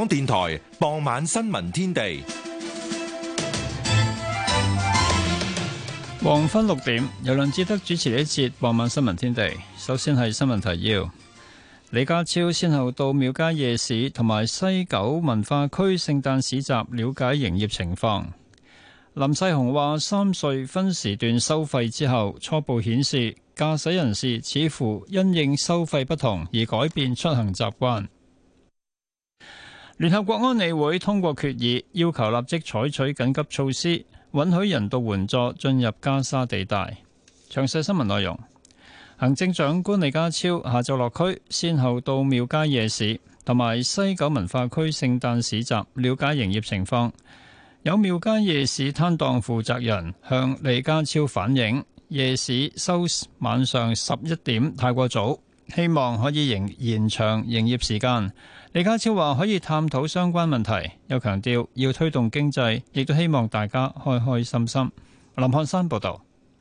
香港電台傍晚新聞天地，黃昏六點，由梁志德主持呢一節傍晚新聞天地。首先係新聞提要：李家超先後到廟街夜市同埋西九文化區聖誕市集，了解營業情況。林世雄話，三隧分時段收費之後，初步顯示駕駛人士似乎因應收費不同而改變出行習慣。聯合國安理會通過決議，要求立即採取緊急措施，允許人道援助進入加沙地帶。詳細新聞內容。行政長官李家超下晝落區，先後到廟街夜市同埋西九文化區聖誕市集，了解營業情況。有廟街夜市攤檔負責人向李家超反映，夜市收晚上十一點太過早，希望可以延延長營業時間。李家超話可以探討相關問題，又強調要推動經濟，亦都希望大家開開心心。林漢山報道。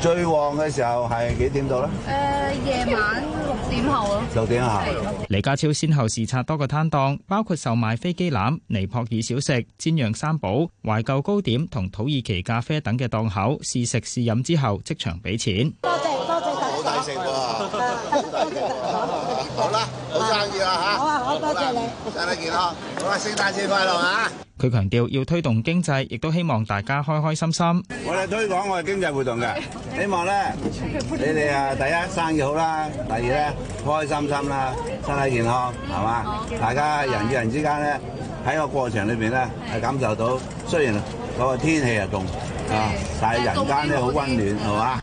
最旺嘅時候係幾點到呢？呃、夜晚六點後咯。六點後。李家超先後視察多個攤檔，包括售賣飛機欖、尼泊爾小食、煎釀三寶、懷舊糕點同土耳其咖啡等嘅檔口，試食試飲之後即場俾錢多。多謝多謝大家。好抵食聖誕節快樂啊！佢強調要推動經濟，亦都希望大家開開心心。我哋推廣我哋經濟活動嘅，希望咧，你哋啊，第一生意好啦，第二咧開開心心啦，身體健康，係嘛？大家人與人之間咧，喺個過程裏邊咧係感受到，雖然嗰個天氣又凍啊，但係人間咧好温暖，係嘛？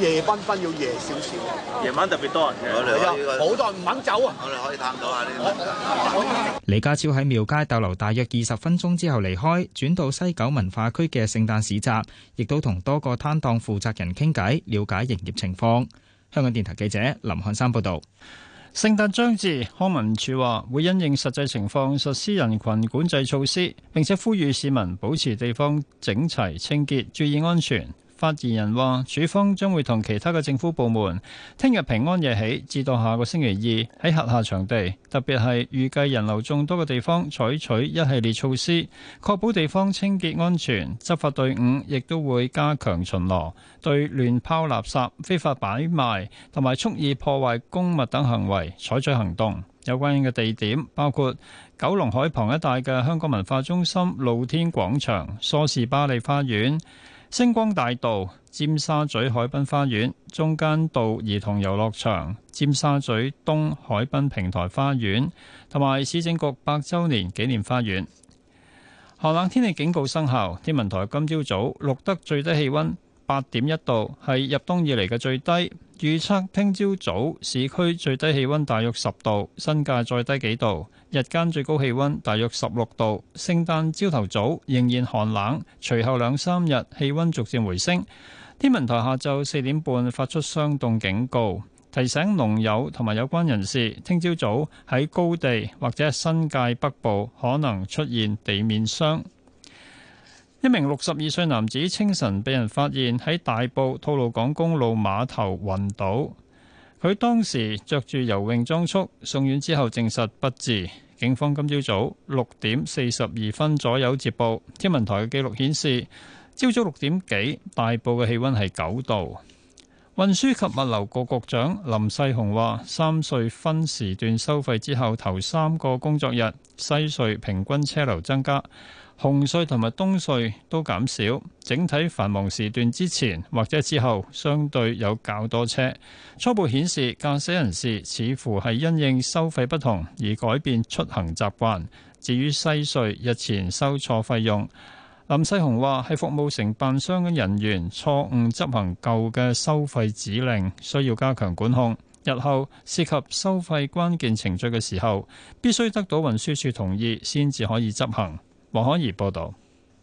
夜繽紛要夜少少，夜晚特別多人，人。好 說多人唔肯走啊！我哋可以探到下呢啲。 李家超喺廟街逗留大約二十分鐘之後離開，轉到西九文化區嘅聖誕市集，亦都同多個攤檔負責人傾偈，了解營業情況。香港電台記者林漢山報道，聖誕將至，康文署話會因應實際情況實施人群管制措施，並且呼籲市民保持地方整齊、清潔，注意安全。發言人話：署方將會同其他嘅政府部門，聽日平安夜起至到下個星期二喺轄下場地，特別係預計人流眾多嘅地方，採取一系列措施，確保地方清潔安全。執法隊伍亦都會加強巡邏，對亂拋垃圾、非法擺賣同埋蓄意破壞公物等行為採取行動。有關嘅地點包括九龍海旁一帶嘅香港文化中心露天廣場、梳士巴利花園星光大道、尖沙咀海濱花園、中間道兒童遊樂場、尖沙咀東海濱平台花園同埋市政局百周年紀念花園。寒冷天氣警告生效。天文台今朝早錄得最低氣溫。八點一度係入冬以嚟嘅最低。預測聽朝早，市區最低氣溫大約十度，新界再低幾度，日間最高氣溫大約十六度。聖誕朝頭早仍然寒冷，隨後兩三日氣溫逐漸回升。天文台下晝四點半發出霜凍警告，提醒農友同埋有關人士，聽朝早喺高地或者新界北部可能出現地面霜。一名六十二歲男子清晨被人發現喺大埔吐露港公路碼頭暈倒，佢當時着住游泳裝束，送院之後證實不治。警方今朝早六點四十二分左右接報，天文台嘅記錄顯示，朝早六點幾，大埔嘅氣溫係九度。運輸及物流局局長林世雄話：三隧分時段收費之後，頭三個工作日西隧平均車流增加，紅隧同埋東隧都減少，整體繁忙時段之前或者之後相對有較多車。初步顯示駕駛人士似乎係因應收費不同而改變出行習慣。至於西隧日前收錯費用。林世雄話，係服務承辦商嘅人員錯誤執行舊嘅收費指令，需要加強管控。日後涉及收費關鍵程序嘅時候，必須得到運輸署同意先至可以執行。黃可怡報道。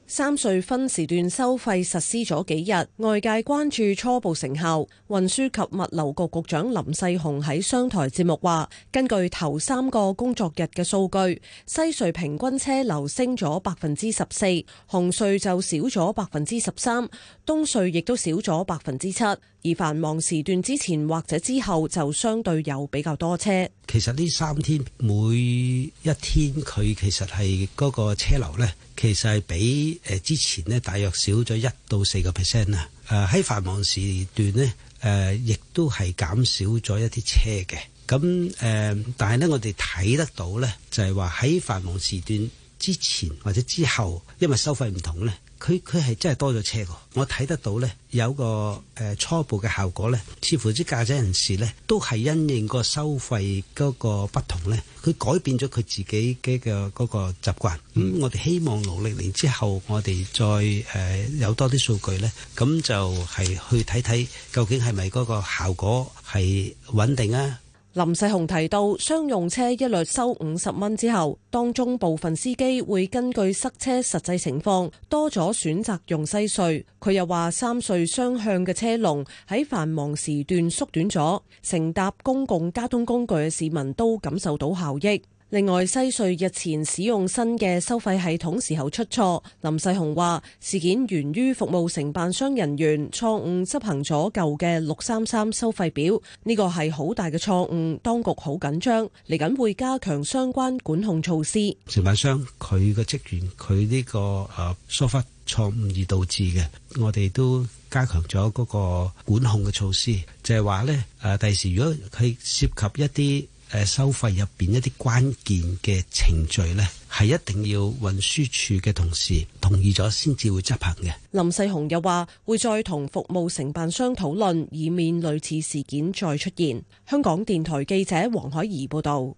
三隧分時段收費實施咗幾日，外界關注初步成效。運輸及物流局局長林世雄喺商台節目話，根據頭三個工作日嘅數據，西隧平均車流升咗百分之十四，紅隧就少咗百分之十三，東隧亦都少咗百分之七。而繁忙時段之前或者之後就相對有比較多車。其實呢三天每一天佢其實係嗰個車流呢，其實係比誒之前呢大約少咗一到四個 percent 啊。誒喺、呃、繁忙時段呢，誒、呃、亦都係減少咗一啲車嘅。咁誒、呃，但係呢，我哋睇得到呢，就係話喺繁忙時段之前或者之後，因為收費唔同呢。佢佢係真係多咗車喎，我睇得到呢，有個誒、呃、初步嘅效果呢，似乎啲駕，駕駛人士呢都係因應個收費嗰個不同呢，佢改變咗佢自己嘅嗰個習慣。咁、嗯、我哋希望農曆年之後，我哋再誒、呃、有多啲數據呢，咁就係去睇睇究竟係咪嗰個效果係穩定啊？林世雄提到，商用車一律收五十蚊之後，當中部分司機會根據塞車實際情況多咗選擇用西隧。佢又話，三隧雙向嘅車龍喺繁忙時段縮短咗，乘搭公共交通工具嘅市民都感受到效益。另外，西隧日前使用新嘅收費系統時候出錯，林世雄話事件源於服務承辦商人員錯誤執行咗舊嘅六三三收費表，呢個係好大嘅錯誤，當局好緊張，嚟緊會加強相關管控措施。承辦商佢嘅職員佢呢個誒疏忽錯誤而導致嘅，我哋都加強咗嗰個管控嘅措施，就係話咧誒第時如果佢涉及一啲。誒收費入邊一啲關鍵嘅程序呢，係一定要運輸署嘅同事同意咗先至會執行嘅。林世雄又話：會再同服務承辦商討論，以免類似事件再出現。香港電台記者黃海怡報道，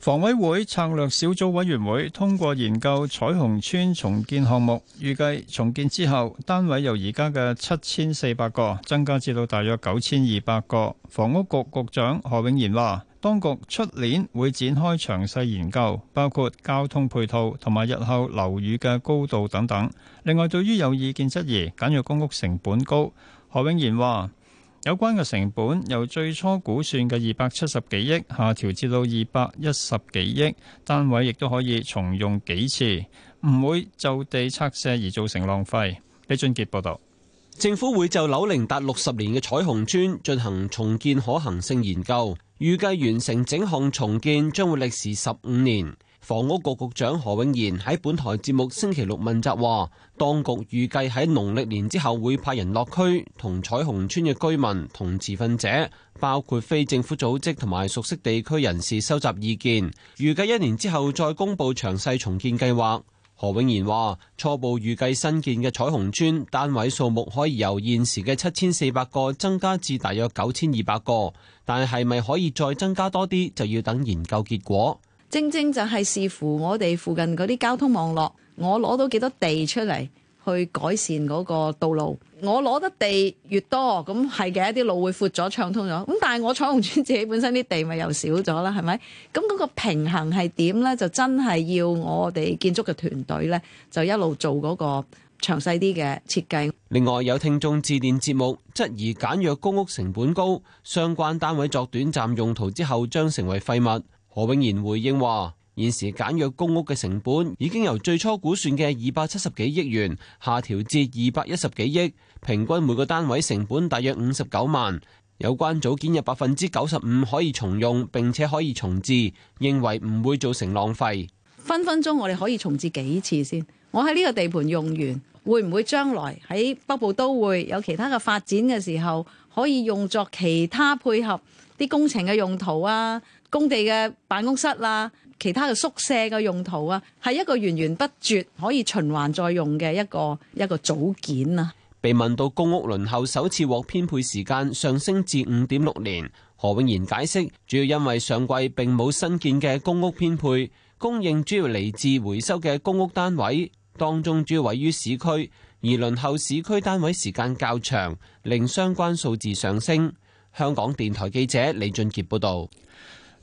房委會策略小組委員會通過研究彩虹村重建項目，預計重建之後單位由而家嘅七千四百個增加至到大約九千二百個。房屋局局長何永賢話。當局出年會展開詳細研究，包括交通配套同埋日後樓宇嘅高度等等。另外，對於有意見質疑簡約公屋成本高，何永賢話：有關嘅成本由最初估算嘅二百七十幾億下調至到二百一十幾億，單位亦都可以重用幾次，唔會就地拆卸而造成浪費。李俊傑報導。政府會就樓齡達六十年嘅彩虹村進行重建可行性研究，預計完成整項重建將會歷時十五年。房屋局局長何永賢喺本台節目星期六問責話，當局預計喺農曆年之後會派人落區同彩虹村嘅居民同持份者，包括非政府組織同埋熟悉地區人士收集意見，預計一年之後再公布詳細重建計劃。何永賢話：初步預計新建嘅彩虹邨單位數目可以由現時嘅七千四百個增加至大約九千二百個，但係咪可以再增加多啲，就要等研究結果。正正就係視乎我哋附近嗰啲交通網絡，我攞到幾多地出嚟，去改善嗰個道路。我攞得地越多，咁係嘅一啲路會闊咗暢通咗咁，但係我彩虹村自己本身啲地咪又少咗啦，係咪咁？嗰個平衡係點呢？就真係要我哋建築嘅團隊呢，就一路做嗰個詳細啲嘅設計。另外有聽眾致電節目質疑簡約公屋成本高，相關單位作短暫用途之後，將成為廢物。何永賢回應話。現時簡約公屋嘅成本已經由最初估算嘅二百七十幾億元下調至二百一十幾億，平均每個單位成本大約五十九萬。有關組件有百分之九十五可以重用，並且可以重置，認為唔會造成浪費。分分鐘我哋可以重置幾次先？我喺呢個地盤用完，會唔會將來喺北部都會有其他嘅發展嘅時候，可以用作其他配合啲工程嘅用途啊？工地嘅辦公室啦、啊。其他嘅宿舍嘅用途啊，係一個源源不絕可以循環再用嘅一個一個組件啊。被問到公屋輪候首次獲編配時間上升至五點六年，何永賢解釋，主要因為上季並冇新建嘅公屋編配，供應主要嚟自回收嘅公屋單位，當中主要位於市區，而輪候市區單位時間較長，令相關數字上升。香港電台記者李俊傑報道。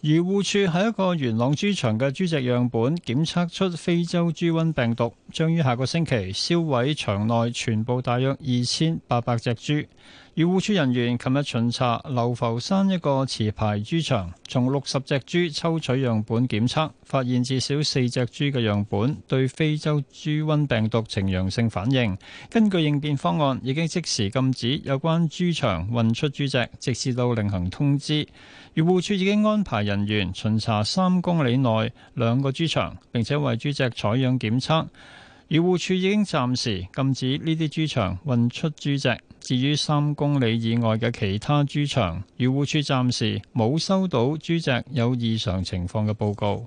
漁護署喺一個元朗豬場嘅豬隻樣本檢測出非洲豬瘟病毒，將於下個星期銷毀場內全部大約二千八百隻豬。漁護署人員琴日巡查流浮山一個持牌豬場，從六十隻豬抽取樣本檢測，發現至少四隻豬嘅樣本對非洲豬瘟病毒呈陽性反應。根據應變方案，已經即時禁止有關豬場運出豬隻，直至到另行通知。漁護署已經安排人員巡查三公里內兩個豬場，並且為豬隻採樣檢測。漁護署已經暫時禁止呢啲豬場運出豬隻。至於三公里以外嘅其他豬場，漁護署暫時冇收到豬隻有異常情況嘅報告。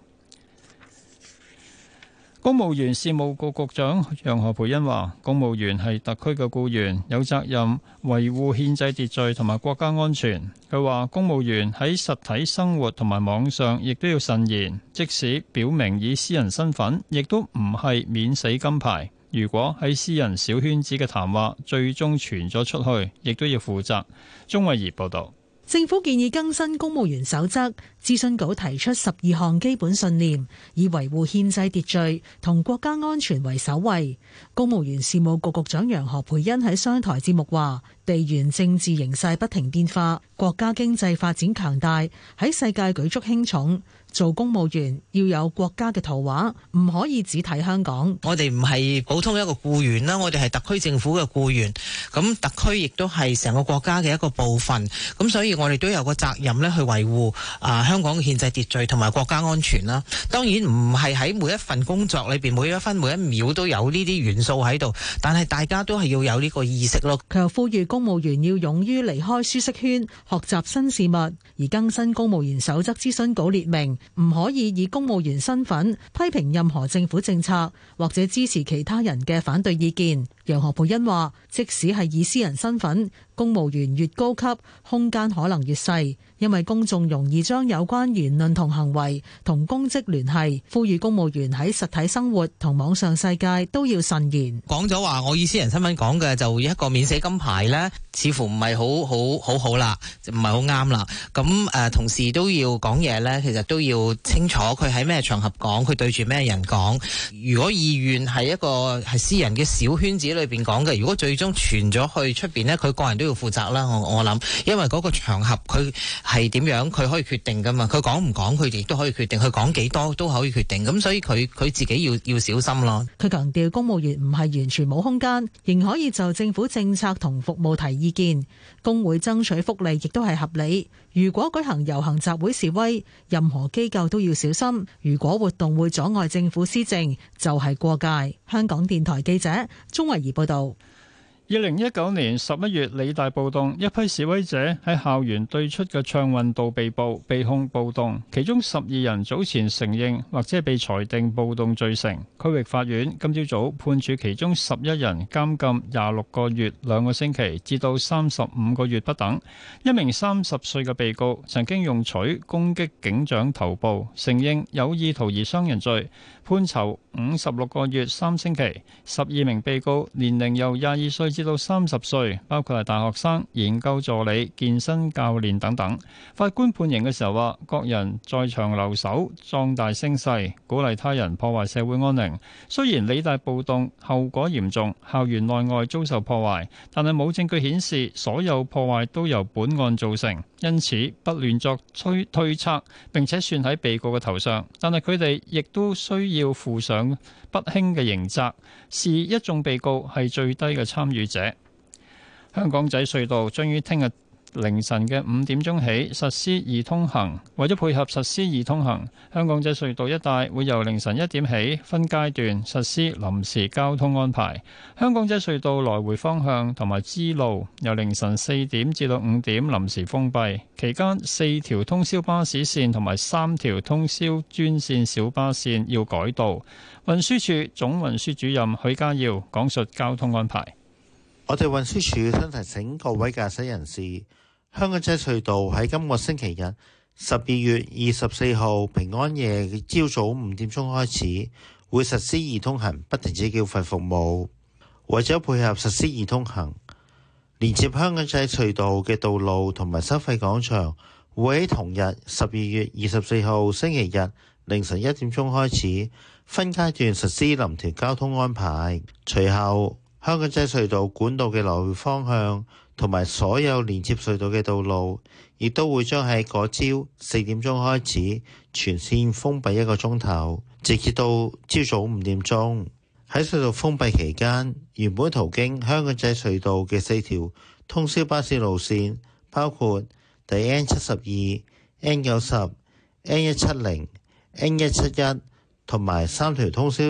公務員事務局局長楊何培恩話，公務員係特區嘅僱員，有責任維護憲制秩序同埋國家安全。佢話，公務員喺實體生活同埋網上亦都要慎言，即使表明以私人身份，亦都唔係免死金牌。如果喺私人小圈子嘅談話最終傳咗出去，亦都要負責。鍾慧儀報道。政府建議更新公務員守則。諮詢稿提出十二項基本信念，以維護憲制秩序同國家安全為首位。公務員事務局局長楊何蓓茵喺商台節目話：地緣政治形勢不停變化，國家經濟發展強大，喺世界舉足輕重。做公務員要有國家嘅圖畫，唔可以只睇香港。我哋唔係普通一個僱員啦，我哋係特區政府嘅僱員。咁特區亦都係成個國家嘅一個部分，咁所以我哋都有個責任咧去維護啊，呃香港嘅憲制秩序同埋國家安全啦，當然唔係喺每一份工作裏邊每一分每一秒都有呢啲元素喺度，但係大家都係要有呢個意識咯。佢又呼籲公務員要勇於離開舒適圈，學習新事物，而更新公務員守則諮詢稿列明，唔可以以公務員身份批評任何政府政策，或者支持其他人嘅反對意見。楊何蓓茵話：即使係以私人身份。公務員越高級空間可能越細，因為公眾容易將有關言論同行為同公職聯繫，呼籲公務員喺實體生活同網上世界都要慎言。講咗話，我以私人身份講嘅就一個免死金牌咧，似乎唔係好好，好好好好啦，唔係好啱啦。咁誒同時都要講嘢咧，其實都要清楚佢喺咩場合講，佢對住咩人講。如果意願係一個係私人嘅小圈子裏邊講嘅，如果最終傳咗去出邊咧，佢個人都。都要負責啦，我我諗，因為嗰個場合佢係點樣，佢可以決定噶嘛，佢講唔講，佢哋都可以決定，佢講幾多都可以決定，咁所以佢佢自己要要小心咯。佢強調，公務員唔係完全冇空間，仍可以就政府政策同服務提意見，工會爭取福利亦都係合理。如果舉行遊行集會示威，任何機構都要小心。如果活動會阻礙政府施政，就係過界。香港電台記者鍾慧儀報道。二零一九年十一月，理大暴動，一批示威者喺校園對出嘅暢運道被捕，被控暴動，其中十二人早前承認，或者被裁定暴動罪成。區域法院今朝早判處其中十一人監禁廿六個月，兩個星期至到三十五個月不等。一名三十歲嘅被告曾經用錘攻擊警長頭部，承認有意圖而傷人罪。判囚五十六個月三星期，十二名被告年齡由廿二歲至到三十歲，包括係大學生、研究助理、健身教練等等。法官判刑嘅時候話：各人在場留守，壯大聲勢，鼓勵他人破壞社會安寧。雖然理大暴動後果嚴重，校園內外遭受破壞，但係冇證據顯示所有破壞都由本案造成。因此，不亂作推推測，並且算喺被告嘅頭上。但係佢哋亦都需要負上不輕嘅刑責。示一眾被告係最低嘅參與者。香港仔隧道將於聽日凌晨嘅五點鐘起實施易通行，為咗配合實施易通行，香港仔隧道一帶會由凌晨一點起分階段實施臨時交通安排。香港仔隧道來回方向同埋支路由凌晨四點至到五點臨時封閉，期間四條通宵巴士線同埋三條通宵專線小巴線要改道。運輸署總運輸主任許家耀講述交通安排。我哋運輸署想提醒各位駕駛人士。香港仔隧道喺今個星期日，十二月二十四號平安夜嘅朝早五點鐘開始，會實施易通行不停止繳費服務。為咗配合實施易通行，連接香港仔隧道嘅道路同埋收費廣場，會喺同日十二月二十四號星期日凌晨一點鐘開始分階段實施臨時交通安排。隨後，香港仔隧道管道嘅來回方向，同埋所有連接隧道嘅道路，亦都會將喺嗰朝四點鐘開始，全線封閉一個鐘頭，直至到朝早五點鐘。喺隧道封閉期間，原本途經香港仔隧道嘅四條通宵巴士路線，包括第 N 七十二、N 九十、N 一七零、N 一七一，同埋三條通宵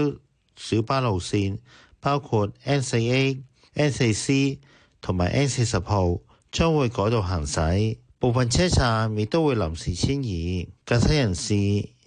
小巴路線，包括 N 四 A、N 四 C。同埋 N 四十號將會改道行駛，部分車站亦都會臨時遷移。駕駛人士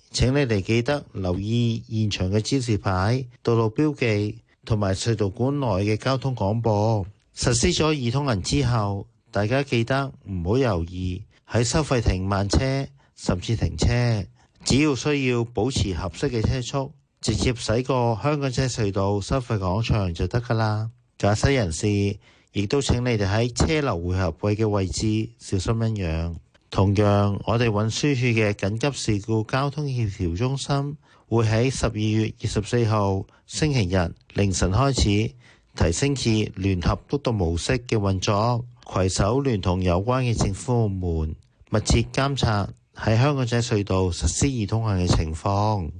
請你哋記得留意現場嘅指示牌、道路標記同埋隧道管內嘅交通廣播。實施咗易通行之後，大家記得唔好猶豫喺收費亭慢車甚至停車，只要需要保持合適嘅車速，直接駛過香港仔隧道收費廣場就得㗎啦。駕駛人士，亦都請你哋喺車流匯合位嘅位置小心一樣。同樣，我哋運輸署嘅緊急事故交通協調中心會喺十二月二十四號星期日凌晨開始提升至聯合督導模式嘅運作，攜手聯同有關嘅政府部門密切監察喺香港仔隧道實施易通行嘅情況。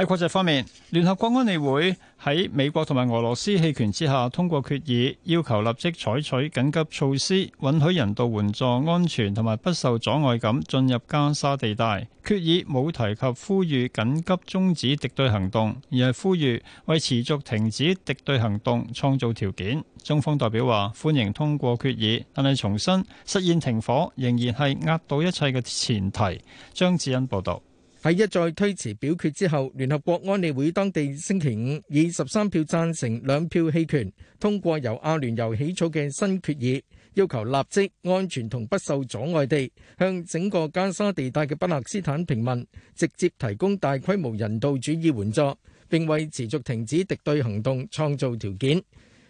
喺國際方面，聯合國安理會喺美國同埋俄羅斯棄權之下通過決議，要求立即採取緊急措施，允許人道援助安全同埋不受阻礙咁進入加沙地帶。決議冇提及呼籲緊急中止敵對行動，而係呼籲為持續停止敵對行動創造條件。中方代表話歡迎通過決議，但係重申實現停火仍然係壓倒一切嘅前提。張智恩報道。喺一再推遲表決之後，聯合國安理會當地星期五以十三票贊成、兩票棄權通過由阿聯酋起草嘅新決議，要求立即安全同不受阻礙地向整個加沙地帶嘅巴勒斯坦平民直接提供大規模人道主義援助，並為持續停止敵對行動創造條件。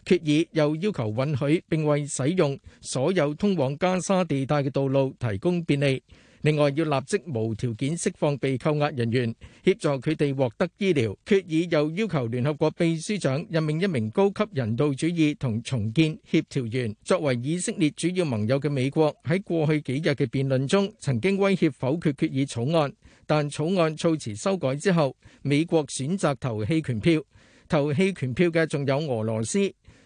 決議又要求允許並為使用所有通往加沙地帶嘅道路提供便利。另外要立即無條件釋放被扣押人員，協助佢哋獲得醫療。決議又要求聯合國秘書長任命一名高級人道主義同重建協調員，作為以色列主要盟友嘅美國喺過去幾日嘅辯論中曾經威脅否決決議草案，但草案措辭修改之後，美國選擇投棄權票，投棄權票嘅仲有俄羅斯。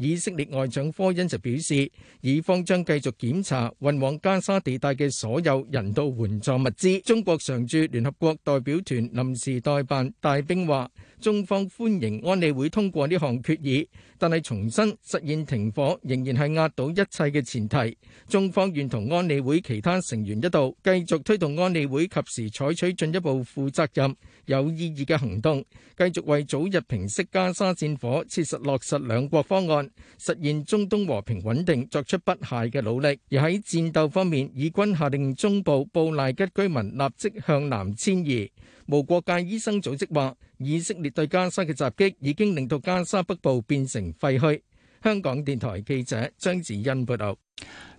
以色列外長科恩就表示，以方將繼續檢查運往加沙地帶嘅所有人道援助物資。中國常駐聯合國代表團臨時代辦大兵話。中方歡迎安理會通過呢項決議，但係重申實現停火仍然係壓倒一切嘅前提。中方願同安理會其他成員一道，繼續推動安理會及時採取進一步負責任、有意義嘅行動，繼續為早日平息加沙戰火、切實落實兩國方案、實現中東和平穩定作出不懈嘅努力。而喺戰鬥方面，以軍下令中部布賴吉居民立即向南遷移。無國界醫生組織話，以色列對加沙嘅襲擊已經令到加沙北部變成廢墟。香港電台記者張子欣報道。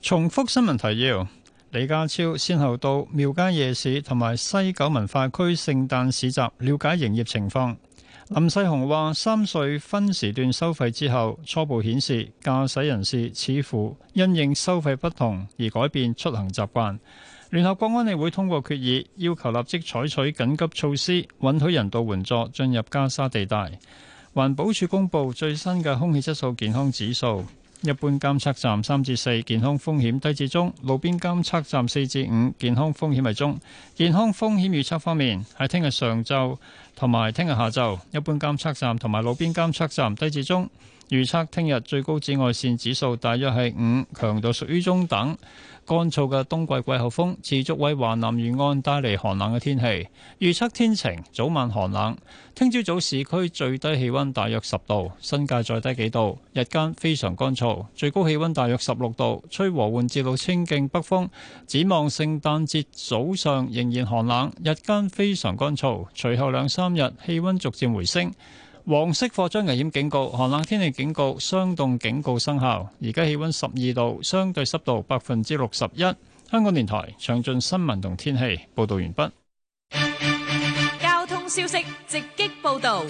重複新聞提要：李家超先後到廟街夜市同埋西九文化區聖誕市集了解營業情況。林世雄話，三隧分時段收費之後，初步顯示駕駛人士似乎因應收費不同而改變出行習慣。聯合國安理會通過決議，要求立即採取緊急措施，允許人道援助進入加沙地帶。環保署公布最新嘅空氣質素健康指數，一般監測站三至四，健康風險低至中；路邊監測站四至五，健康風險係中。健康風險預測方面，喺聽日上晝同埋聽日下晝，一般監測站同埋路邊監測站低至中。預測聽日最高紫外線指數大約係五，強度屬於中等。乾燥嘅冬季季候風持續為華南沿岸帶嚟寒冷嘅天氣。預測天晴，早晚寒冷。聽朝早市區最低氣溫大約十度，新界再低幾度。日間非常乾燥，最高氣溫大約十六度，吹和緩至到清勁北風。展望聖誕節早上仍然寒冷，日間非常乾燥。隨後兩三日氣溫逐漸回升。黃色火災危險警告、寒冷天氣警告、霜凍警告生效。而家氣温十二度，相對濕度百分之六十一。香港電台詳盡新聞同天氣報道完畢。交通消息直擊報道。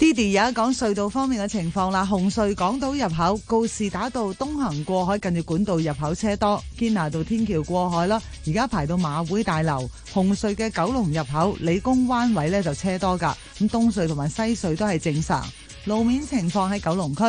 Diddy 有一講隧道方面嘅情況啦，紅隧港島入口告士打道東行過海，近住管道入口車多，堅拿道天橋過海啦，而家排到馬會大樓。紅隧嘅九龍入口理工灣位咧就車多㗎，咁東隧同埋西隧都係正常路面情況。喺九龍區，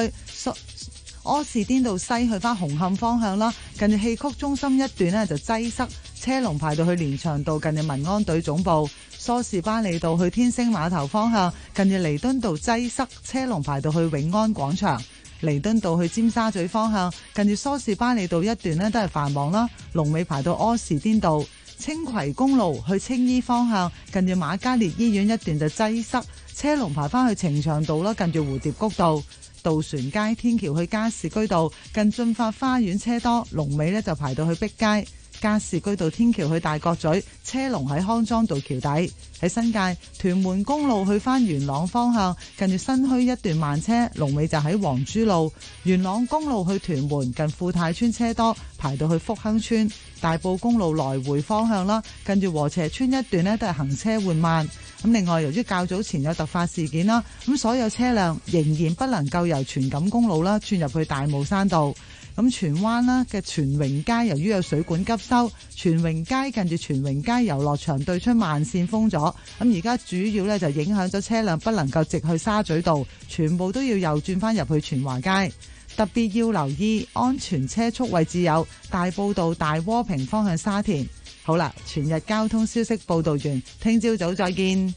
柯士甸道西去返紅磡方向啦，近住戲曲中心一段呢就擠塞。車龍排到去連翔道，近住民安隊總部；梳士巴利道去天星碼頭方向，近住彌敦道擠塞，車龍排到去永安廣場；彌敦道去尖沙咀方向，近住梳士巴利道一段咧都係繁忙啦。龍尾排到柯士甸道，青葵公路去青衣方向，近住瑪嘉烈醫院一段就擠塞，車龍排翻去呈祥道啦，近住蝴蝶谷道、渡船街天橋去加士居道，近駿發花園車多，龍尾呢就排到去碧街。加士居道天橋去大角咀車龍喺康莊道橋底，喺新界屯門公路去翻元朗方向，近住新墟一段慢車，龍尾就喺黃珠路元朗公路去屯門近富泰村車多，排到去福亨村大埔公路來回方向啦，近住禾輋村一段呢都係行車緩慢。咁另外，由於較早前有突發事件啦，咁所有車輛仍然不能夠由荃錦公路啦轉入去大帽山道。咁荃灣啦嘅荃榮街，由於有水管急修，荃榮街近住荃榮街遊樂場對出慢線封咗。咁而家主要咧就影響咗車輛不能夠直去沙咀道，全部都要右轉返入去荃華街。特別要留意安全車速位置有，有大埔道大窩坪方向沙田。好啦，全日交通消息報導完，聽朝早再見。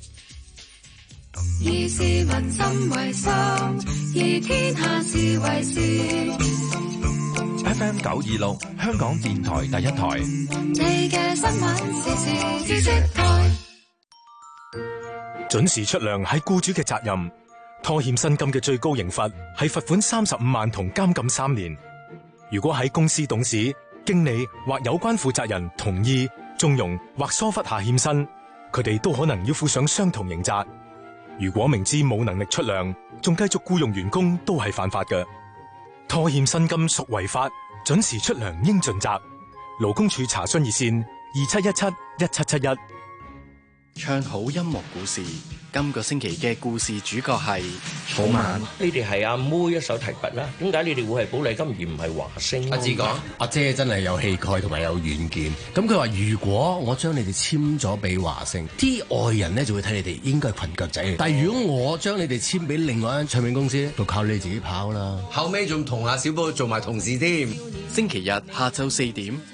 以事 FM 九二六，香港電台第一台。準時出糧係僱主嘅責任，拖欠薪金嘅最高刑罰係罰款三十五萬同監禁三年。如果喺公司董事、經理或有關負責人同意縱容或疏忽下欠薪，佢哋都可能要負上相同刑責。如果明知冇能力出糧，仲繼續僱傭員工，都係犯法嘅。拖欠薪金屬違法，準時出糧應盡責。勞工處查詢熱線：二七一七一七七一。唱好音樂故事，今個星期嘅故事主角係草蜢。慢你哋係阿妹一手提拔啦，點解你哋會係寶麗金而唔係華星？阿志講，阿但姐真係有氣概同埋有遠見。咁佢話如果我將你哋簽咗俾華星，啲外人咧就會睇你哋應該係裙腳仔。但係如果我將你哋簽俾另外一間唱片公司，就靠你自己跑啦。後尾仲同阿小波做埋同事添。星期日下晝四點。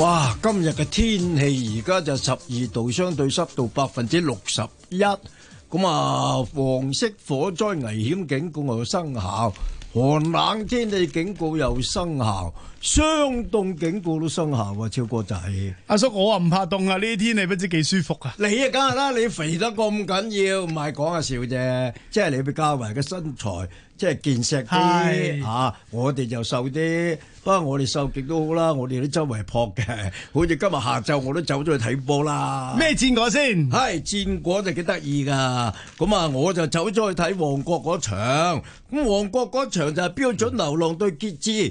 哇！今日嘅天氣而家就十二度，相對濕度百分之六十一。咁啊，黃色火災危險警告又生效，寒冷天氣警告又生效，霜凍警告都生效啊。超哥仔，阿叔我啊唔怕凍啊，呢啲天氣不知幾舒服啊！你啊梗係啦，你肥得咁緊要，唔係講下笑啫，即係你比較埋嘅身材。即係健碩啲嚇是、啊，我哋就瘦啲。不過我哋瘦極都好啦，我哋啲周圍撲嘅。好似今日下晝我都走咗去睇波啦。咩戰果先？係、哎、戰果就幾得意㗎。咁啊，我就走咗去睇旺角嗰場。咁旺角嗰場就係標準流浪對傑志，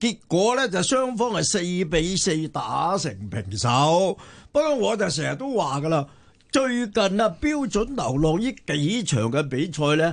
嗯、結果呢，就雙方係四比四打成平手。不過我就成日都話㗎啦，最近啊標準流浪呢幾場嘅比賽呢。